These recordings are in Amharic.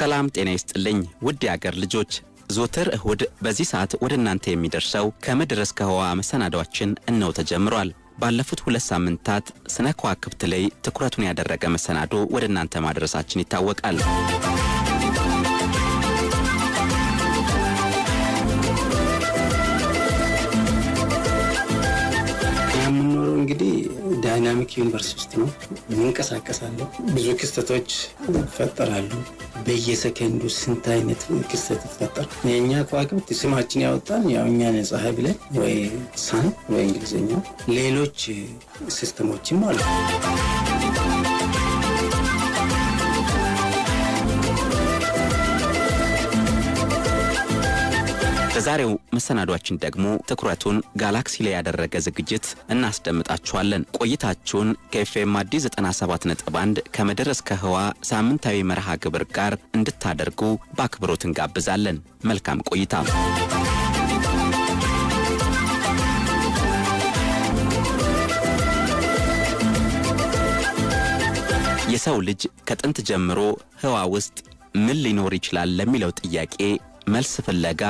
ሰላም ጤና ይስጥልኝ ውድ የአገር ልጆች ዞተር እሁድ በዚህ ሰዓት ወደ እናንተ የሚደርሰው ከምድር እስከ ህዋ መሰናዷችን እነው ተጀምሯል። ባለፉት ሁለት ሳምንታት ስነ ከዋክብት ላይ ትኩረቱን ያደረገ መሰናዶ ወደ እናንተ ማድረሳችን ይታወቃል። የምኖረው እንግዲህ ዳይናሚክ ዩኒቨርሲቲ ውስጥ ነው እንንቀሳቀሳለሁ። ብዙ ክስተቶች ይፈጠራሉ። በየሰከንዱ ስንት አይነት ክስተት ይፈጠር። የእኛ ከዋክብት ስማችን ያወጣን ያው እኛን ፀሐይ ብለን ወይ ሳን ወይ እንግሊዝኛ ሌሎች ሲስተሞችም አሉ። በዛሬው መሰናዷችን ደግሞ ትኩረቱን ጋላክሲ ላይ ያደረገ ዝግጅት እናስደምጣችኋለን። ቆይታችሁን ከኤፍኤም አዲስ 97 ነጥብ 1 ከምድር እስከ ህዋ ሳምንታዊ መርሃ ግብር ጋር እንድታደርጉ በአክብሮት እንጋብዛለን። መልካም ቆይታ። የሰው ልጅ ከጥንት ጀምሮ ህዋ ውስጥ ምን ሊኖር ይችላል ለሚለው ጥያቄ መልስ ፍለጋ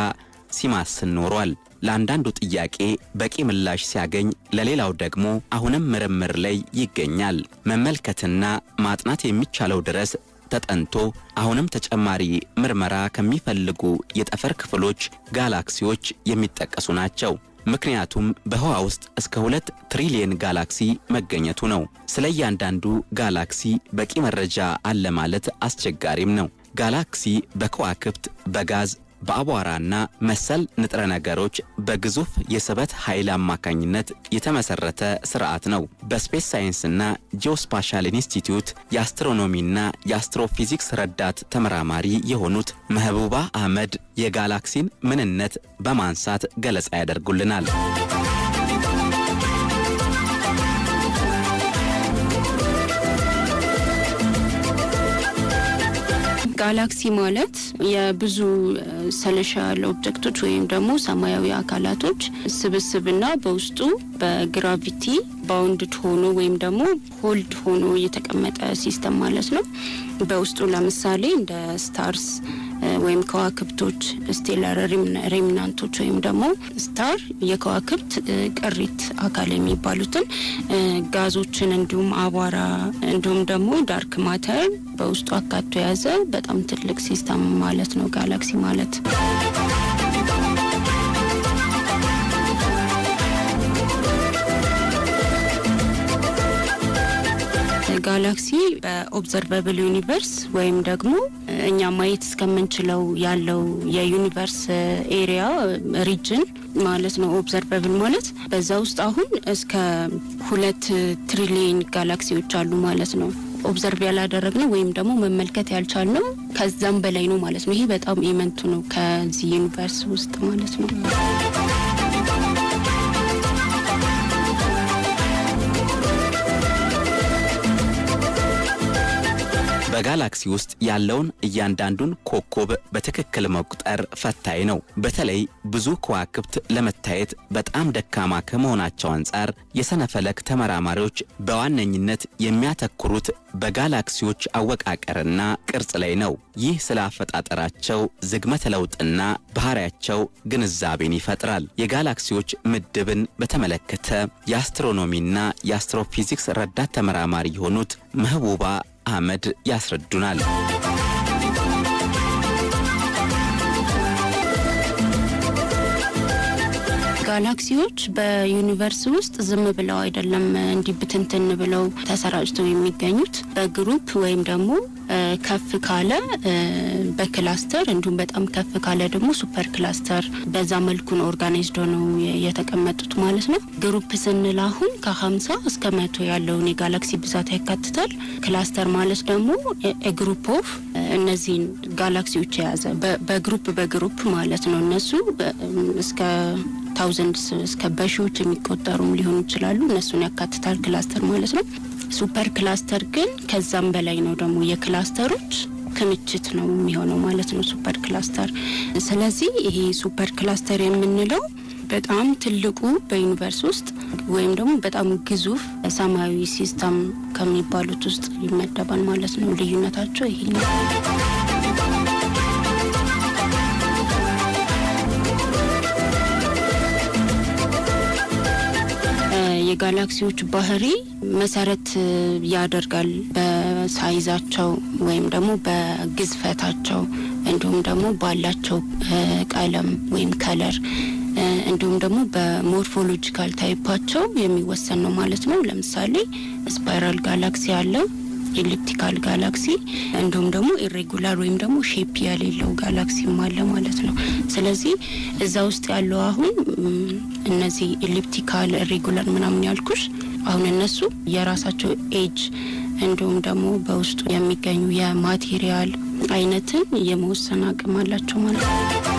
ሲማስን ኖሯል። ለአንዳንዱ ጥያቄ በቂ ምላሽ ሲያገኝ፣ ለሌላው ደግሞ አሁንም ምርምር ላይ ይገኛል። መመልከትና ማጥናት የሚቻለው ድረስ ተጠንቶ አሁንም ተጨማሪ ምርመራ ከሚፈልጉ የጠፈር ክፍሎች ጋላክሲዎች የሚጠቀሱ ናቸው። ምክንያቱም በህዋ ውስጥ እስከ ሁለት ትሪሊየን ጋላክሲ መገኘቱ ነው። ስለ እያንዳንዱ ጋላክሲ በቂ መረጃ አለ ማለት አስቸጋሪም ነው። ጋላክሲ በከዋክብት፣ በጋዝ፣ በአቧራና መሰል ንጥረ ነገሮች በግዙፍ የስበት ኃይል አማካኝነት የተመሰረተ ስርዓት ነው። በስፔስ ሳይንስና ጂኦስፓሻል ኢንስቲትዩት የአስትሮኖሚና የአስትሮፊዚክስ ረዳት ተመራማሪ የሆኑት መህቡባ አህመድ የጋላክሲን ምንነት በማንሳት ገለጻ ያደርጉልናል። ጋላክሲ ማለት የብዙ ሰለሻ ያለ ኦብጀክቶች ወይም ደግሞ ሰማያዊ አካላቶች ስብስብና በውስጡ በግራቪቲ ባውንድድ ሆኖ ወይም ደግሞ ሆልድ ሆኖ የተቀመጠ ሲስተም ማለት ነው። በውስጡ ለምሳሌ እንደ ስታርስ ወይም ከዋክብቶች ስቴላር ሪምናንቶች ወይም ደግሞ ስታር የከዋክብት ቅሪት አካል የሚባሉትን ጋዞችን እንዲሁም አቧራ እንዲሁም ደግሞ ዳርክ ማተር በውስጡ አካቶ የያዘ በጣም ትልቅ ሲስተም ማለት ነው ጋላክሲ ማለት ጋላክሲ በኦብዘርቨብል ዩኒቨርስ ወይም ደግሞ እኛ ማየት እስከምንችለው ያለው የዩኒቨርስ ኤሪያ ሪጅን ማለት ነው። ኦብዘርቨብል ማለት በዛ ውስጥ አሁን እስከ ሁለት ትሪሊየን ጋላክሲዎች አሉ ማለት ነው። ኦብዘርቭ ያላደረግነው ወይም ደግሞ መመልከት ያልቻልነው ከዛም በላይ ነው ማለት ነው። ይሄ በጣም ኢመንቱ ነው ከዚህ ዩኒቨርስ ውስጥ ማለት ነው። በጋላክሲ ውስጥ ያለውን እያንዳንዱን ኮከብ በትክክል መቁጠር ፈታኝ ነው። በተለይ ብዙ ከዋክብት ለመታየት በጣም ደካማ ከመሆናቸው አንጻር የሰነፈለክ ተመራማሪዎች በዋነኝነት የሚያተኩሩት በጋላክሲዎች አወቃቀርና ቅርጽ ላይ ነው። ይህ ስለ አፈጣጠራቸው ዝግመተ ለውጥና ባህሪያቸው ግንዛቤን ይፈጥራል። የጋላክሲዎች ምድብን በተመለከተ የአስትሮኖሚና የአስትሮፊዚክስ ረዳት ተመራማሪ የሆኑት መህቡባ አህመድ ያስረዱናል። ጋላክሲዎች በዩኒቨርስ ውስጥ ዝም ብለው አይደለም እንዲህ ብትንትን ብለው ተሰራጭተው የሚገኙት በግሩፕ ወይም ደግሞ ከፍ ካለ በክላስተር እንዲሁም በጣም ከፍ ካለ ደግሞ ሱፐር ክላስተር በዛ መልኩ ነው የተቀመጡት ማለት ነው። ግሩፕ ስንል አሁን ከሀምሳ እስከ መቶ ያለውን የጋላክሲ ብዛት ያካትታል። ክላስተር ማለት ደግሞ ግሩፕ ኦፍ እነዚህን ጋላክሲዎች የያዘ በግሩፕ በግሩፕ ማለት ነው እነሱ እስከ ታውዘንድ እስከ በሺዎች የሚቆጠሩም ሊሆኑ ይችላሉ። እነሱን ያካትታል ክላስተር ማለት ነው። ሱፐር ክላስተር ግን ከዛም በላይ ነው ደግሞ የክላስተሮች ክምችት ነው የሚሆነው ማለት ነው ሱፐር ክላስተር። ስለዚህ ይሄ ሱፐር ክላስተር የምንለው በጣም ትልቁ በዩኒቨርስ ውስጥ ወይም ደግሞ በጣም ግዙፍ ሰማያዊ ሲስተም ከሚባሉት ውስጥ ይመደባል ማለት ነው። ልዩነታቸው ይሄ ነው። የጋላክሲዎች ባህሪ መሰረት ያደርጋል በሳይዛቸው ወይም ደግሞ በግዝፈታቸው እንዲሁም ደግሞ ባላቸው ቀለም ወይም ከለር እንዲሁም ደግሞ በሞርፎሎጂካል ታይፓቸው የሚወሰን ነው ማለት ነው። ለምሳሌ ስፓይራል ጋላክሲ አለው። ኤሊፕቲካል ጋላክሲ እንዲሁም ደግሞ ኢሬጉላር ወይም ደግሞ ሼፕ ያሌለው ጋላክሲም አለ ማለት ነው። ስለዚህ እዛ ውስጥ ያለው አሁን እነዚህ ኤሊፕቲካል ኢሬጉላር ምናምን ያልኩሽ አሁን እነሱ የራሳቸው ኤጅ እንዲሁም ደግሞ በውስጡ የሚገኙ የማቴሪያል አይነትን የመወሰን አቅም አላቸው ማለት ነው።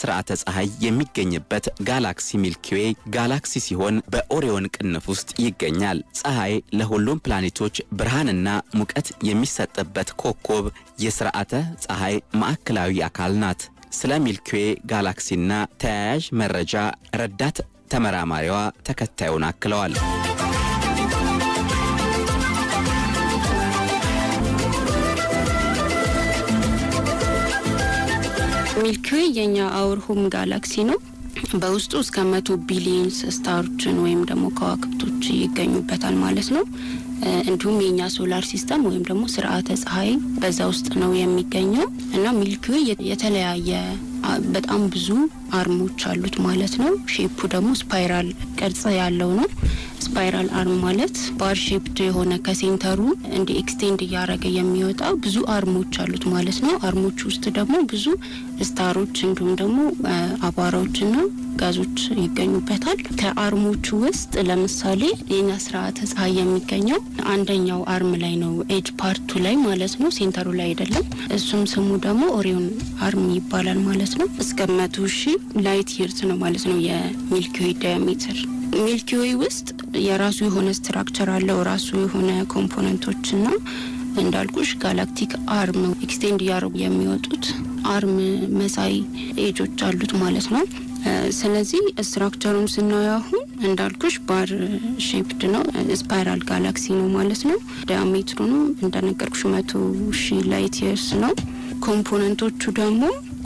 ስርዓተ ፀሐይ የሚገኝበት ጋላክሲ ሚልኪዌይ ጋላክሲ ሲሆን በኦሪዮን ቅንፍ ውስጥ ይገኛል። ፀሐይ ለሁሉም ፕላኔቶች ብርሃንና ሙቀት የሚሰጥበት ኮከብ የስርዓተ ፀሐይ ማዕከላዊ አካል ናት። ስለ ሚልኪዌይ ጋላክሲና ተያያዥ መረጃ ረዳት ተመራማሪዋ ተከታዩን አክለዋል። ሚልክዌይ የኛ አውር ሆም ጋላክሲ ነው። በውስጡ እስከ መቶ ቢሊዮን ስታሮችን ወይም ደግሞ ከዋክብቶች ይገኙበታል ማለት ነው። እንዲሁም የእኛ ሶላር ሲስተም ወይም ደግሞ ስርዓተ ፀሐይ በዛ ውስጥ ነው የሚገኘው እና ሚልኪዌይ የተለያየ በጣም ብዙ አርሞች አሉት ማለት ነው። ሼፑ ደግሞ ስፓይራል ቅርጽ ያለው ነው። ስፓይራል አርም ማለት ባር ሼፕድ የሆነ ከሴንተሩ እንደ ኤክስቴንድ እያደረገ የሚወጣ ብዙ አርሞች አሉት ማለት ነው። አርሞች ውስጥ ደግሞ ብዙ ስታሮች እንዲሁም ደግሞ አቧራዎችና ጋዞች ይገኙበታል። ከአርሞቹ ውስጥ ለምሳሌ የኛ ስርዓተ ፀሐይ የሚገኘው አንደኛው አርም ላይ ነው፣ ኤጅ ፓርቱ ላይ ማለት ነው፣ ሴንተሩ ላይ አይደለም። እሱም ስሙ ደግሞ ኦሪዮን አርም ይባላል ማለት ነው። እስከ መቶ ሺህ ላይት ይርት ነው ማለት ነው የሚልኪ ዳያሜትር ሚልኪዌይ ውስጥ የራሱ የሆነ ስትራክቸር አለው ራሱ የሆነ ኮምፖነንቶች ና እንዳልኩሽ ጋላክቲክ አርም ኤክስቴንድ እያደረጉ የሚወጡት አርም መሳይ ኤጆች አሉት ማለት ነው። ስለዚህ ስትራክቸሩን ስናየ አሁን እንዳልኩሽ ባር ሼፕድ ነው፣ ስፓይራል ጋላክሲ ነው ማለት ነው። ዳያሜትሩ ነው እንደነገርኩሽ መቶ ሺ ላይት የርስ ነው። ኮምፖነንቶቹ ደግሞ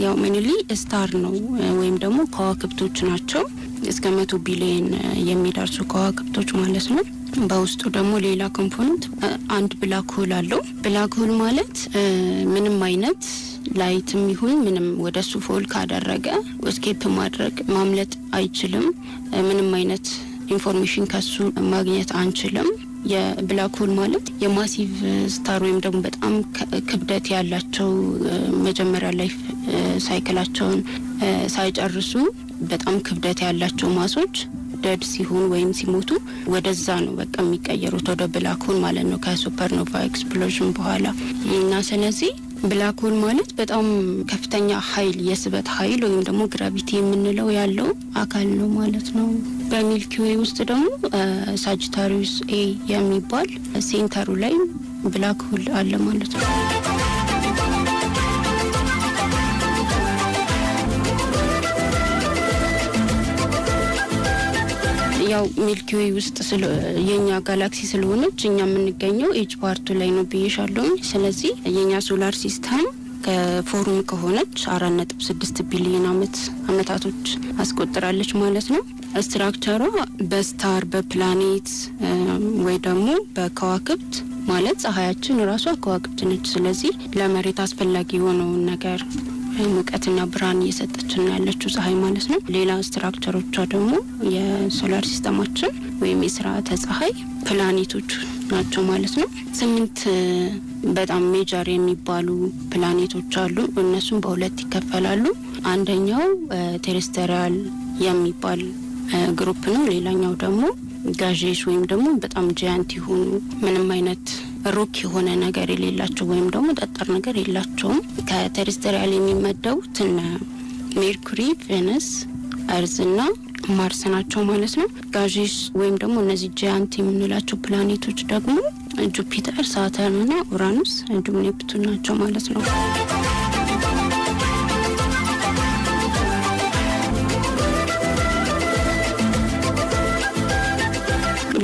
ያው ምንሊ ስታር ነው ወይም ደግሞ ከዋክብቶች ናቸው። እስከ መቶ ቢሊየን የሚደርሱ ከዋክብቶች ማለት ነው። በውስጡ ደግሞ ሌላ ኮምፖነንት አንድ ብላክ ሆል አለው። ብላክ ሆል ማለት ምንም አይነት ላይትም ይሁን ምንም ወደ ሱ ፎል ካደረገ ስኬፕ ማድረግ ማምለጥ አይችልም። ምንም አይነት ኢንፎርሜሽን ከሱ ማግኘት አንችልም። የብላክ ሆል ማለት የማሲቭ ስታር ወይም ደግሞ በጣም ክብደት ያላቸው መጀመሪያ ላይ ሳይክላቸውን ሳይጨርሱ በጣም ክብደት ያላቸው ማሶች ደድ ሲሆን ወይም ሲሞቱ ወደዛ ነው በቃ የሚቀየሩት ወደ ብላክ ሆል ማለት ነው ከሱፐርኖቫ ኤክስፕሎዥን በኋላ እና ስለዚህ ብላክ ሆል ማለት በጣም ከፍተኛ ሀይል የስበት ኃይል ወይም ደግሞ ግራቪቲ የምንለው ያለው አካል ነው ማለት ነው። ዌይ ውስጥ ደግሞ ሳጅታሪዩስ ኤ የሚባል ሴንተሩ ላይ ብላክ ሁል አለ ማለት ነው። ያው ዌይ ውስጥ የኛ ጋላክሲ ስለሆነች እኛ የምንገኘው ኤጅ ፓርቱ ላይ ነው ብዬሻለሁኝ። ስለዚህ የኛ ሶላር ሲስተም ከፎሩም ከሆነች አራት ነጥብ ስድስት ቢሊዮን አመት አመታቶች አስቆጥራለች ማለት ነው። ስትራክቸሯ በስታር በፕላኔት ወይ ደግሞ በከዋክብት ማለት ፀሐያችን ራሷ ከዋክብት ነች። ስለዚህ ለመሬት አስፈላጊ የሆነውን ነገር ሙቀትና ብርሃን እየሰጠችን ያለችው ፀሐይ ማለት ነው። ሌላ ስትራክቸሮቿ ደግሞ የሶላር ሲስተማችን ወይም የስርዓተ ፀሐይ ፕላኔቶች ናቸው ማለት ነው። ስምንት በጣም ሜጀር የሚባሉ ፕላኔቶች አሉ። እነሱም በሁለት ይከፈላሉ። አንደኛው ቴሬስተሪያል የሚባል ግሩፕ ነው። ሌላኛው ደግሞ ጋዥሽ ወይም ደግሞ በጣም ጃያንት የሆኑ ምንም አይነት ሩክ የሆነ ነገር የሌላቸው ወይም ደግሞ ጠጠር ነገር የላቸውም። ከቴሬስተሪያል የሚመደቡት እነ ሜርኩሪ፣ ቬነስ፣ እርዝና ማርስ ናቸው ማለት ነው። ጋዥስ ወይም ደግሞ እነዚህ ጃያንት የምንላቸው ፕላኔቶች ደግሞ ጁፒተር፣ ሳተርን እና ኡራኑስ እንዲሁም ኔፕቱን ናቸው ማለት ነው።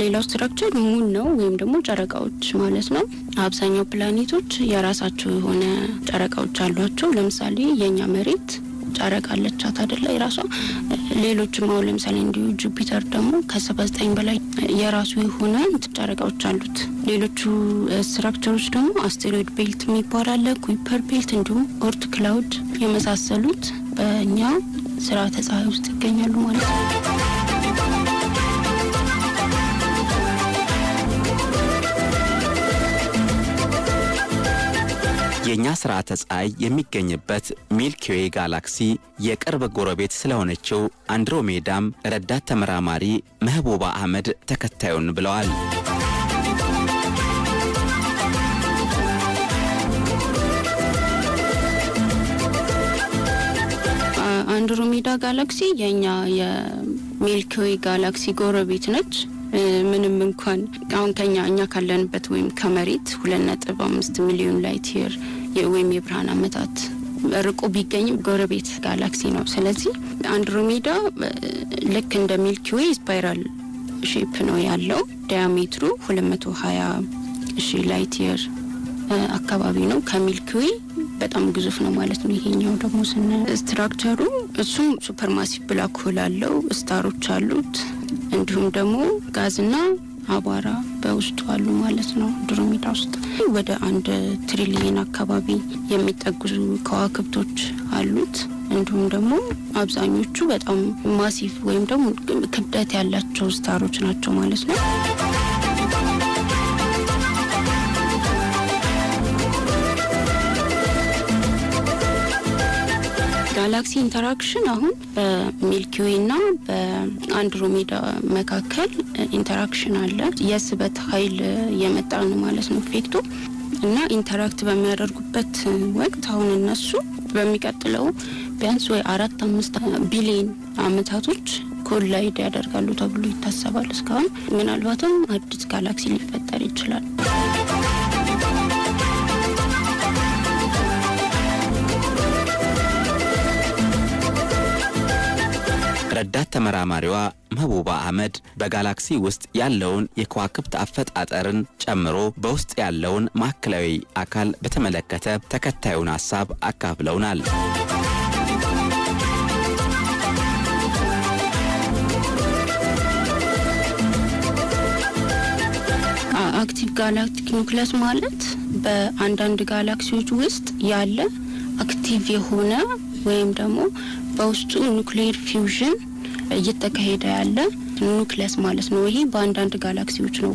ሌላው ስትራክቸር ሙን ነው ወይም ደግሞ ጨረቃዎች ማለት ነው። አብዛኛው ፕላኔቶች የራሳቸው የሆነ ጨረቃዎች አሏቸው። ለምሳሌ የእኛ መሬት ጨረቃ አለቻት አደላ የራሷ ሌሎችም አሁን ለምሳሌ እንዲሁ ጁፒተር ደግሞ ከሰባ ዘጠኝ በላይ የራሱ የሆነ ጨረቃዎች አሉት። ሌሎቹ ስትራክቸሮች ደግሞ አስቴሮይድ ቤልት የሚባል አለ፣ ኩይፐር ቤልት እንዲሁም ኦርት ክላውድ የመሳሰሉት በእኛ ስርዓተ ፀሐይ ውስጥ ይገኛሉ ማለት ነው። የእኛ ስርዓተ ፀሐይ የሚገኝበት ሚልኪዌ ጋላክሲ የቅርብ ጎረቤት ስለሆነችው አንድሮሜዳም ረዳት ተመራማሪ መህቡባ አህመድ ተከታዩን ብለዋል። አንድሮሜዳ ጋላክሲ የእኛ የሚልኪዌ ጋላክሲ ጎረቤት ነች። ምንም እንኳን አሁን ከኛ እኛ ካለንበት ወይም ከመሬት ሁለት ነጥብ አምስት ሚሊዮን ላይት ይር ወይም የብርሃን አመታት ርቆ ቢገኝም ጎረቤት ጋላክሲ ነው። ስለዚህ አንድሮሜዳ ልክ እንደ ሚልኪዌይ ስፓይራል ሼፕ ነው ያለው። ዳያሜትሩ 220 ሺ ላይትየር አካባቢ ነው። ከሚልኪዌይ በጣም ግዙፍ ነው ማለት ነው። ይሄኛው ደግሞ ስነ ስትራክቸሩ እሱም ሱፐር ብላክ ሆል አለው፣ ስታሮች አሉት፣ እንዲሁም ደግሞ ጋዝና አቧራ በውስጡ አሉ ማለት ነው። ድሮሜዳ ውስጥ ወደ አንድ ትሪሊየን አካባቢ የሚጠጉዙ ከዋክብቶች አሉት። እንዲሁም ደግሞ አብዛኞቹ በጣም ማሲፍ ወይም ደግሞ ክብደት ያላቸው ስታሮች ናቸው ማለት ነው። ጋላክሲ ኢንተራክሽን አሁን በሚልኪዌይ እና በአንድሮሜዳ መካከል ኢንተራክሽን አለ። የስበት ኃይል የመጣ ነው ማለት ነው ኢፌክቱ እና ኢንተራክት በሚያደርጉበት ወቅት አሁን እነሱ በሚቀጥለው ቢያንስ ወይ አራት አምስት ቢሊዮን አመታቶች ኮላይድ ያደርጋሉ ተብሎ ይታሰባል። እስካሁን ምናልባትም አዲስ ጋላክሲ ሊፈጠር ይችላል። ተመራማሪዋ መህቡባ አህመድ በጋላክሲ ውስጥ ያለውን የከዋክብት አፈጣጠርን ጨምሮ በውስጥ ያለውን ማዕከላዊ አካል በተመለከተ ተከታዩን ሀሳብ አካፍለውናል። አክቲቭ ጋላክቲክ ኒውክለስ ማለት በአንዳንድ ጋላክሲዎች ውስጥ ያለ አክቲቭ የሆነ ወይም ደግሞ በውስጡ ኒውክሌር ፊውዥን እየተካሄደ ያለ ኑክለስ ማለት ነው። ይሄ በአንዳንድ ጋላክሲዎች ነው።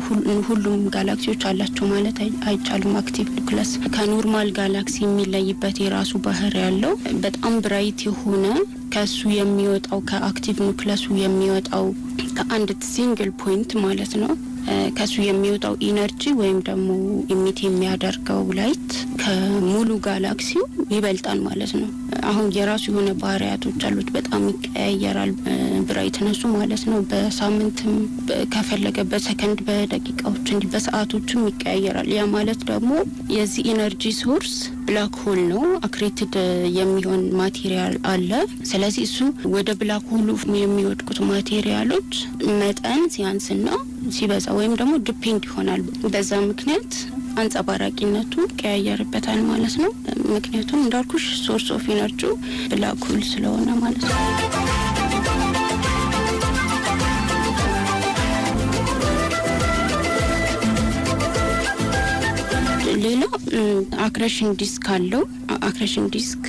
ሁሉም ጋላክሲዎች አላቸው ማለት አይቻልም። አክቲቭ ኑክለስ ከኖርማል ጋላክሲ የሚለይበት የራሱ ባህር ያለው በጣም ብራይት የሆነ ከሱ የሚወጣው ከአክቲቭ ኑክለሱ የሚወጣው ከአንድ ሲንግል ፖይንት ማለት ነው ከሱ የሚወጣው ኢነርጂ ወይም ደግሞ ኢሚት የሚያደርገው ላይት ከሙሉ ጋላክሲው ይበልጣል ማለት ነው። አሁን የራሱ የሆነ ባህሪያቶች አሉት። በጣም ይቀያየራል ብራይት ነሱ ማለት ነው። በሳምንትም ከፈለገ በሰከንድ፣ በደቂቃዎች እንዲህ በሰዓቶችም ይቀያየራል። ያ ማለት ደግሞ የዚህ ኢነርጂ ሶርስ ብላክ ሆል ነው። አክሬትድ የሚሆን ማቴሪያል አለ። ስለዚህ እሱ ወደ ብላክ ሆሉ የሚወድቁት ማቴሪያሎች መጠን ሲያንስና ሲበዛ ወይም ደግሞ ዲፔንድ ይሆናል በዛ ምክንያት አንጸባራቂነቱ ቀያየርበታል ማለት ነው። ምክንያቱም እንዳልኩሽ ሶርስ ኦፍ ኢነርጂ ብላክ ሆል ስለሆነ ማለት ነው። ሌላ አክሬሽን ዲስክ አለው። አክሬሽን ዲስክ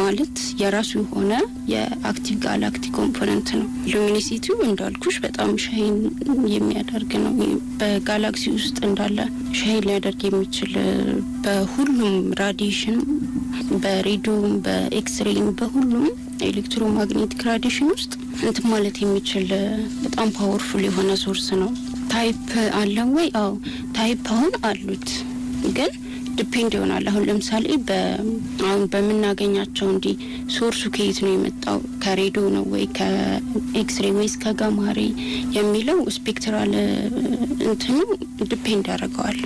ማለት የራሱ የሆነ የአክቲቭ ጋላክቲ ኮምፖነንት ነው። ሉሚኒሲቲው እንዳልኩሽ በጣም ሻይን የሚያደርግ ነው። በጋላክሲ ውስጥ እንዳለ ሻይን ሊያደርግ የሚችል በሁሉም ራዲሽን፣ በሬዲዮም፣ በኤክስሬም፣ በሁሉም ኤሌክትሮማግኔቲክ ራዲሽን ውስጥ እንትን ማለት የሚችል በጣም ፓወርፉል የሆነ ሶርስ ነው። ታይፕ አለ ወይ? አዎ ታይፕ አሁን አሉት ግን ዲፔንድ ይሆናል። አሁን ለምሳሌ አሁን በምናገኛቸው እንዲህ ሶርሱ ከየት ነው የመጣው ከሬዲዮ ነው ወይ ከኤክስሬ ወይስ ከጋማሪ የሚለው ስፔክትራል እንትኑ ዲፔንድ ያደርገዋል።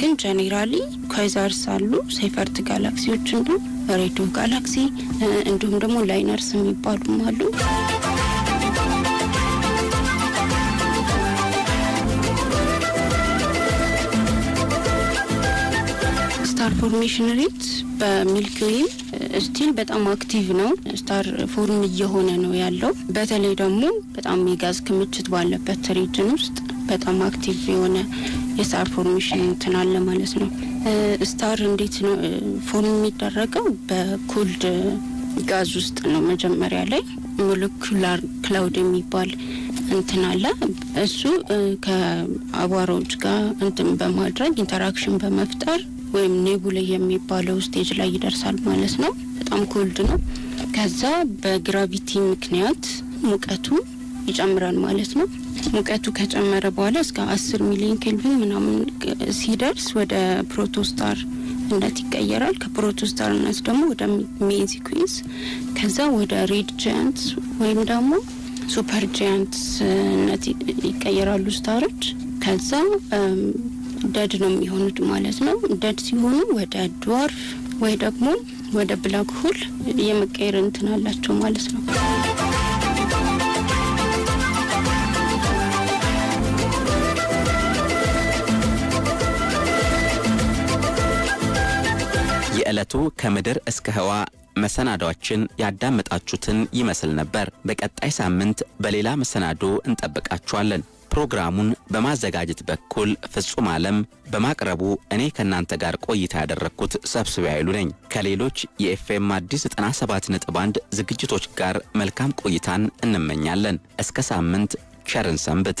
ግን ጀኔራሊ ኳይዛርስ አሉ፣ ሴፈርት ጋላክሲዎች እንዲሁም ሬዲዮ ጋላክሲ እንዲሁም ደግሞ ላይነርስ የሚባሉም አሉ። ፎርሜሽን ሬት በሚልክ ዌይም ስቲል በጣም አክቲቭ ነው። ስታር ፎርም እየሆነ ነው ያለው። በተለይ ደግሞ በጣም የጋዝ ክምችት ባለበት ሪጅን ውስጥ በጣም አክቲቭ የሆነ የስታር ፎርሜሽን እንትን አለ ማለት ነው። uh, ስታር እንዴት ነው uh, ፎርም የሚደረገው? በኮልድ ጋዝ ውስጥ ነው። መጀመሪያ ላይ ሞለኩላር ክላውድ የሚባል እንትን አለ። እሱ uh, ከአቧራዎች ጋር እንትን በማድረግ ኢንተራክሽን በመፍጠር ወይም ኔቡል የሚባለው ስቴጅ ላይ ይደርሳል ማለት ነው። በጣም ኮልድ ነው። ከዛ በግራቪቲ ምክንያት ሙቀቱ ይጨምራል ማለት ነው። ሙቀቱ ከጨመረ በኋላ እስከ አስር ሚሊዮን ኬልቪን ምናምን ሲደርስ ወደ ፕሮቶስታር ነት ይቀየራል። እነት ደግሞ ወደ ሜን ሲኩዌንስ ከዛ ወደ ሬድ ጃያንት ወይም ደግሞ ሱፐር እነት ይቀየራሉ ስታሮች ከዛ ደድ ነው የሚሆኑት ማለት ነው። ደድ ሲሆኑ ወደ ድዋርፍ ወይ ደግሞ ወደ ብላክ የመቀየር እንትን አላቸው ማለት ነው። የዕለቱ ከምድር እስከ ህዋ መሰናዷችን ያዳመጣችሁትን ይመስል ነበር። በቀጣይ ሳምንት በሌላ መሰናዶ እንጠብቃችኋለን። ፕሮግራሙን በማዘጋጀት በኩል ፍጹም ዓለም በማቅረቡ እኔ ከእናንተ ጋር ቆይታ ያደረግኩት ሰብስቤ ኃይሉ ነኝ። ከሌሎች የኤፍኤም አዲስ 97 ነጥብ 1 ዝግጅቶች ጋር መልካም ቆይታን እንመኛለን። እስከ ሳምንት ቸርን ሰንብት።